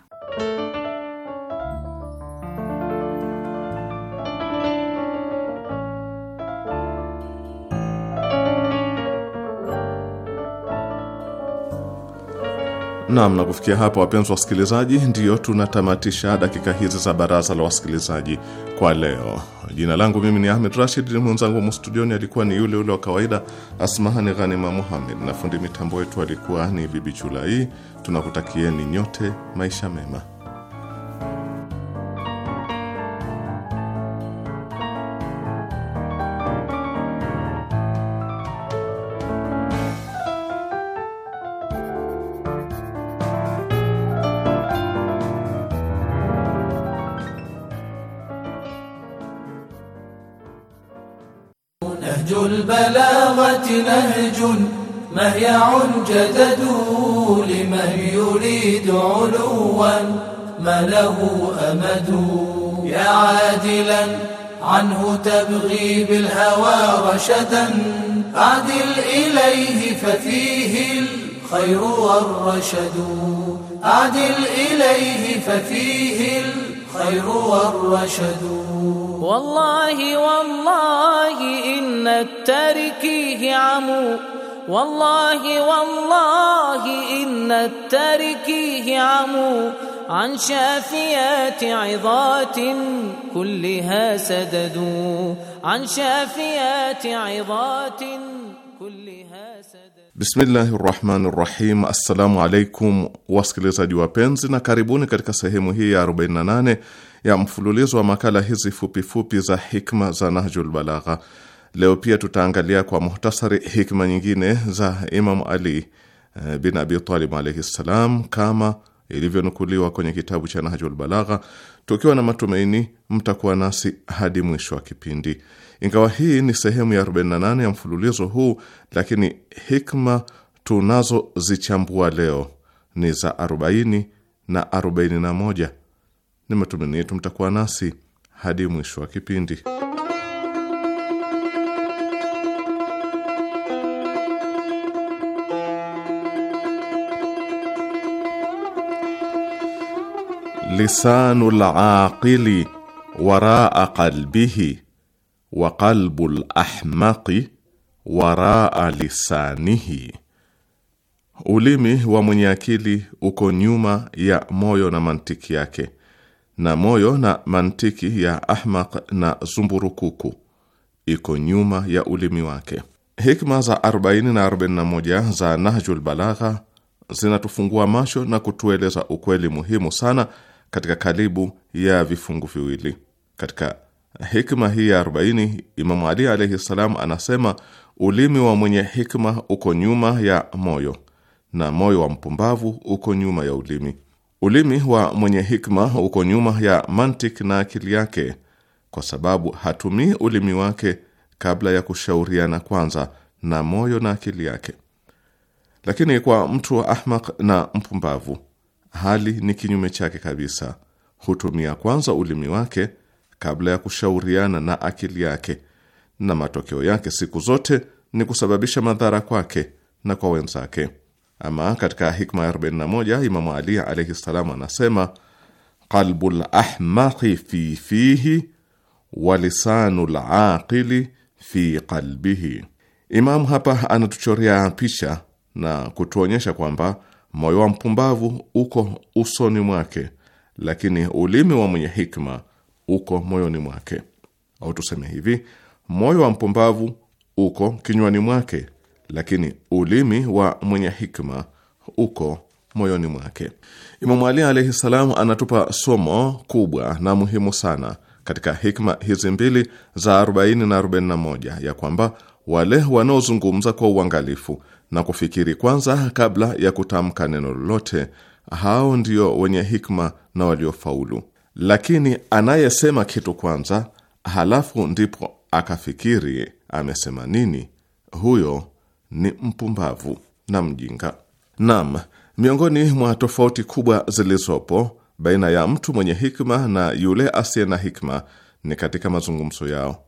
Naam, na kufikia hapa, wapenzi wasikilizaji, ndiyo tunatamatisha dakika hizi za baraza la wasikilizaji kwa leo. Jina langu mimi ni Ahmed Rashid, mwenzangu mustudioni alikuwa ni yule ule wa kawaida Asmahani Ghanima Muhammed, na fundi mitambo wetu alikuwa ni Bibi Chulai. Tunakutakieni nyote maisha mema. جددوا لمن يريد علوا ما له أمد يا عادلا عنه تبغي بالهوى رشدا عدل إليه ففيه الخير والرشد عدل إليه ففيه الخير والرشد والله والله إن التركيه عمو والله والله إن التاركيه عمو عن شافيات عظات كلها سددوا عن شافيات عظات كلها سددوا Bismillahi rahmani rahim. Assalamu alaikum wasikilizaji wapenzi, na karibuni katika sehemu hii ya 48 ya mfululizo wa makala hizi fupifupi fupi za hikma za Nahjul Balagha. Leo pia tutaangalia kwa muhtasari hikma nyingine za Imamu Ali eh, bin Abi Talib alaihi ssalam, kama ilivyonukuliwa kwenye kitabu cha Nahjul Balagha, tukiwa na matumaini mtakuwa nasi hadi mwisho wa kipindi. Ingawa hii ni sehemu ya 48 ya mfululizo huu, lakini hikma tunazozichambua leo ni za 40 na 41. Ni matumaini yetu mtakuwa nasi hadi mwisho wa kipindi. lisanu laqili waraa qalbihi wa qalbu lahmaqi waraa lisanihi, ulimi wa mwenye akili uko nyuma ya moyo na mantiki yake, na moyo na mantiki ya ahmaq na zumburukuku iko nyuma ya ulimi wake. Hikma za 40 na 41 za Nahjul Balagha zinatufungua macho na kutueleza ukweli muhimu sana katika kalibu ya vifungu viwili. Katika hikma hii ya 40 Imamu Ali alaihi ssalam anasema ulimi wa mwenye hikma uko nyuma ya moyo na moyo wa mpumbavu uko nyuma ya ulimi. Ulimi wa mwenye hikma uko nyuma ya mantik na akili yake, kwa sababu hatumii ulimi wake kabla ya kushauriana kwanza na moyo na akili yake. Lakini kwa mtu wa ahmak na mpumbavu hali ni kinyume chake kabisa. Hutumia kwanza ulimi wake kabla ya kushauriana na akili yake, na matokeo yake siku zote ni kusababisha madhara kwake na kwa wenzake. Ama katika hikma ya 41 Imamu Ali alaihi ssalam anasema qalbu lahmaqi fi fihi wa lisanu laqili fi qalbihi. Imamu hapa anatuchorea picha na kutuonyesha kwamba Moyo wa mpumbavu uko usoni mwake, lakini ulimi wa mwenye hikma uko moyoni mwake. Au tuseme hivi, moyo wa mpumbavu uko kinywani mwake, lakini ulimi wa mwenye hikma uko moyoni mwake. Imamu Ali alaihi salam anatupa somo kubwa na muhimu sana katika hikma hizi mbili za 40 na 41 ya kwamba wale wanaozungumza kwa uangalifu na kufikiri kwanza kabla ya kutamka neno lolote. Hao ndio wenye hikma na waliofaulu. Lakini anayesema kitu kwanza halafu ndipo akafikiri amesema nini, huyo ni mpumbavu na mjinga. Naam, miongoni mwa tofauti kubwa zilizopo baina ya mtu mwenye hikma na yule asiye na hikma ni katika mazungumzo yao.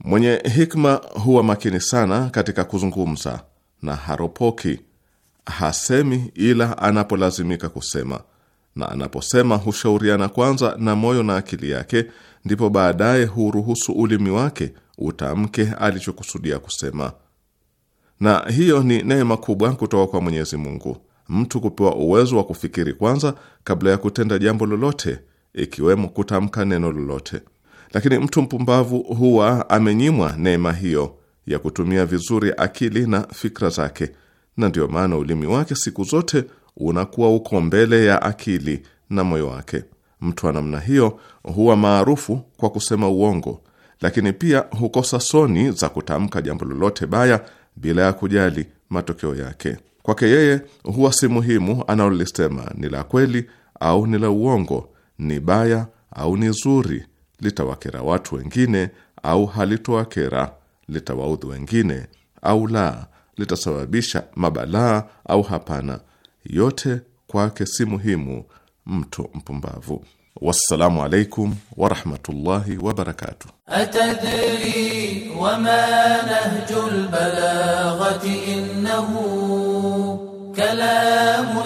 Mwenye hikma huwa makini sana katika kuzungumza na haropoki, hasemi ila anapolazimika kusema, na anaposema hushauriana kwanza na moyo na akili yake, ndipo baadaye huruhusu ulimi wake utamke alichokusudia kusema. Na hiyo ni neema kubwa kutoka kwa Mwenyezi Mungu, mtu kupewa uwezo wa kufikiri kwanza kabla ya kutenda jambo lolote, ikiwemo kutamka neno lolote. Lakini mtu mpumbavu huwa amenyimwa neema hiyo ya kutumia vizuri akili na fikra zake, na ndiyo maana ulimi wake siku zote unakuwa uko mbele ya akili na moyo wake. Mtu wa namna hiyo huwa maarufu kwa kusema uongo, lakini pia hukosa soni za kutamka jambo lolote baya bila ya kujali matokeo yake. Kwake yeye huwa si muhimu analolisema ni la kweli au ni la uongo, ni baya au ni zuri, litawakera watu wengine au halitowakera litawaudhi wengine au la, litasababisha mabalaa au hapana, yote kwake si muhimu mtu mpumbavu. Wassalamu alaikum warahmatullahi wabarakatuh. Atadri wama innahu kalamu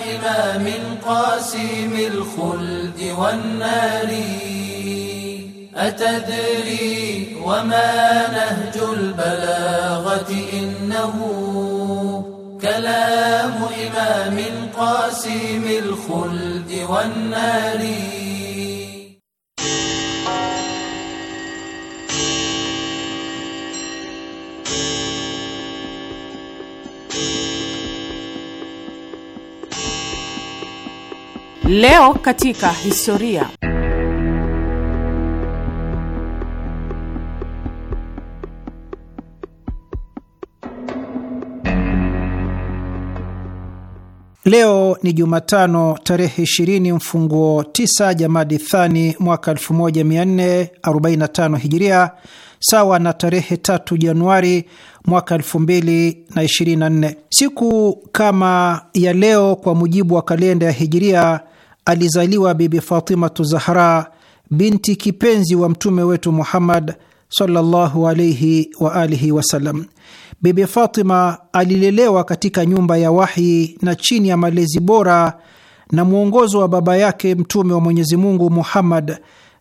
atadri وما نهج البلاغة إنه كلام إمام قاسم الخلد والنار Leo katika historia. Leo ni Jumatano tarehe 20 mfunguo 9 Jamadi Thani mwaka 1445 Hijiria, sawa na tarehe 3 Januari mwaka 2024. Siku kama ya leo kwa mujibu wa kalenda ya Hijiria alizaliwa Bibi Fatimatu Zahra, binti kipenzi wa mtume wetu Muhammad sallallahu alaihi wa alihi wasallam. Bibi Fatima alilelewa katika nyumba ya wahi na chini ya malezi bora na mwongozo wa baba yake Mtume wa Mwenyezi Mungu Muhammad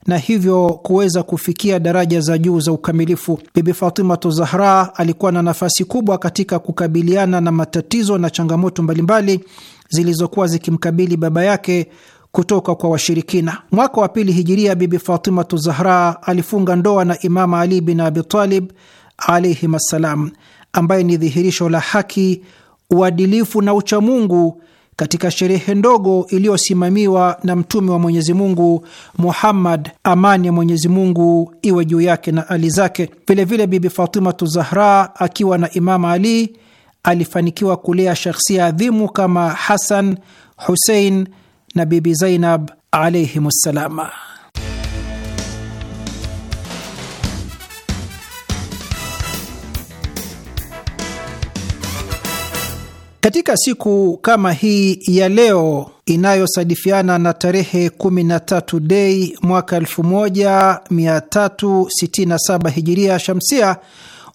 na hivyo kuweza kufikia daraja za juu za ukamilifu. Bibi Fatimatu Zahra alikuwa na nafasi kubwa katika kukabiliana na matatizo na changamoto mbalimbali zilizokuwa zikimkabili baba yake kutoka kwa washirikina. Mwaka wa pili hijiria, Bibi Fatimatu Zahra alifunga ndoa na imamu Ali bin Abitalib alaihim assalam ambaye ni dhihirisho la haki, uadilifu na uchamungu katika sherehe ndogo iliyosimamiwa na mtume wa Mwenyezi Mungu Muhammad, amani ya Mwenyezi Mungu iwe juu yake na ali zake. Vilevile Bibi Fatimatu Zahra akiwa na Imam Ali alifanikiwa kulea shakhsia adhimu kama Hasan, Husein na Bibi Zainab alaihim ssalama. Katika siku kama hii ya leo inayosadifiana na tarehe 13 Dei mwaka 1367 hijiria shamsia,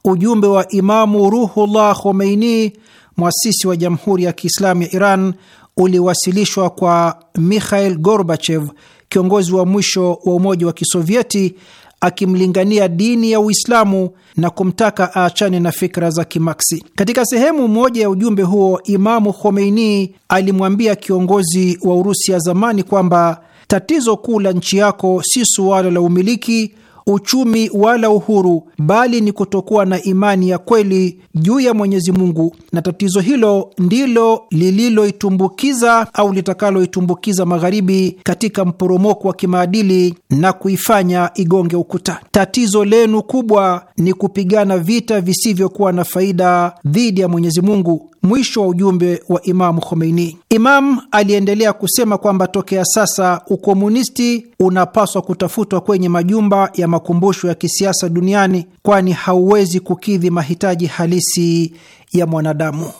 ujumbe wa Imamu Ruhullah Khomeini, mwasisi wa Jamhuri ya Kiislamu ya Iran, uliwasilishwa kwa Mikhail Gorbachev, kiongozi wa mwisho wa Umoja wa Kisovieti akimlingania dini ya Uislamu na kumtaka aachane na fikra za Kimaksi. Katika sehemu moja ya ujumbe huo, Imamu Khomeini alimwambia kiongozi wa Urusi ya zamani kwamba tatizo kuu la nchi yako si suala la umiliki uchumi wala uhuru, bali ni kutokuwa na imani ya kweli juu ya Mwenyezi Mungu, na tatizo hilo ndilo lililoitumbukiza au litakaloitumbukiza Magharibi katika mporomoko wa kimaadili na kuifanya igonge ukuta. Tatizo lenu kubwa ni kupigana vita visivyokuwa na faida dhidi ya Mwenyezi Mungu mwisho wa ujumbe wa Imamu Khomeini. Imam aliendelea kusema kwamba tokea sasa ukomunisti unapaswa kutafutwa kwenye majumba ya makumbusho ya kisiasa duniani, kwani hauwezi kukidhi mahitaji halisi ya mwanadamu.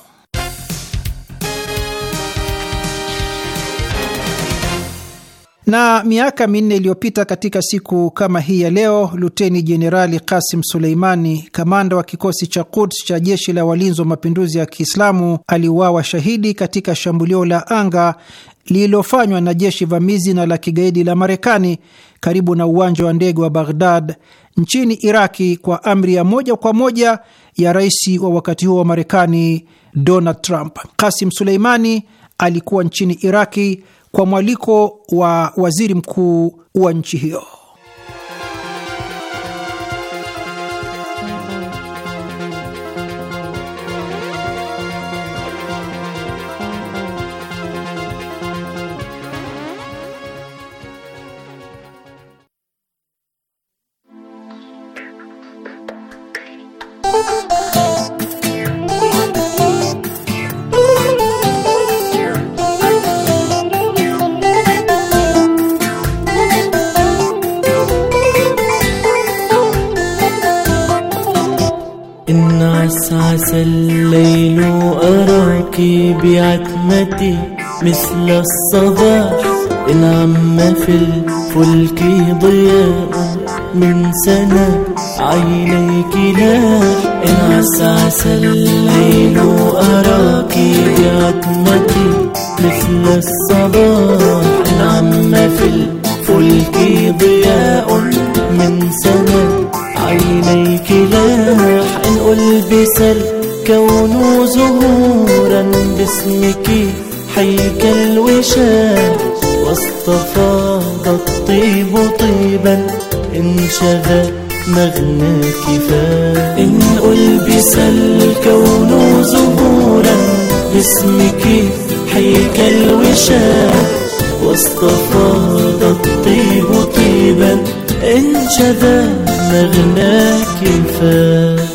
Na miaka minne iliyopita katika siku kama hii ya leo, Luteni Jenerali Kasim Suleimani, kamanda wa kikosi cha Quds cha jeshi la walinzi wa mapinduzi ya Kiislamu, aliuawa shahidi katika shambulio la anga lililofanywa na jeshi vamizi na la kigaidi la Marekani karibu na uwanja wa ndege wa Baghdad nchini Iraki kwa amri ya moja kwa moja ya rais wa wakati huo wa Marekani Donald Trump. Kasim Suleimani alikuwa nchini Iraki kwa mwaliko wa waziri mkuu wa nchi hiyo. الفلك ضياء من سنة عينيك لا انعس عسى الليل أراك بعتمتي مثل الصباح نعم في الفلك ضياء من سنة عينيك لاح إن ألبس الكون زهورا باسمك حيك الوشاح واصطفى طيب طيبا انشغل مغنى كفاية إن ألبس الكون زهورا باسمك حيك الوشاء واستفاض الطيب طيبا انشغل مغنى كفاية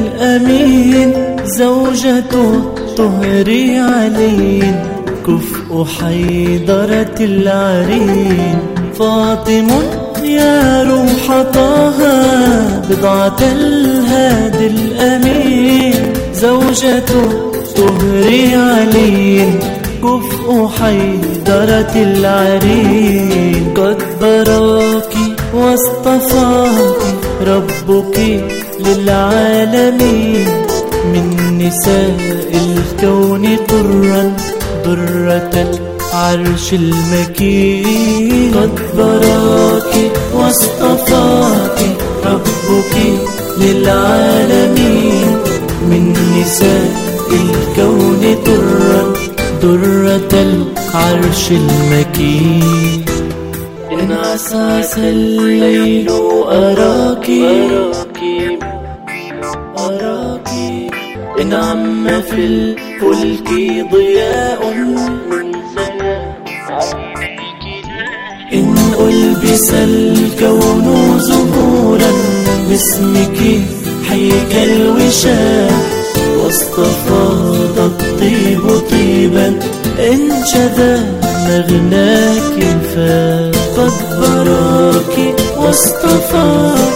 الأمين زوجته طهري علين كفء حيدرة العرين فاطم يا روح طه بضعة الهادي الأمين زوجته طهري علين كفء حيدرة العرين قد براكي واصطفاكي ربك للعالمين من نساء الكون طرا ضرة العرش المكين قد براك واصطفاك ربك للعالمين من نساء الكون طرا ضرة العرش المكين عسى الليل أراك ونعم في الفلك ضياء إن ألبس الكون زهورا باسمك حيك الوشاح واستفاض الطيب طيبا إن شذا مغناك فقد براك واصطفاك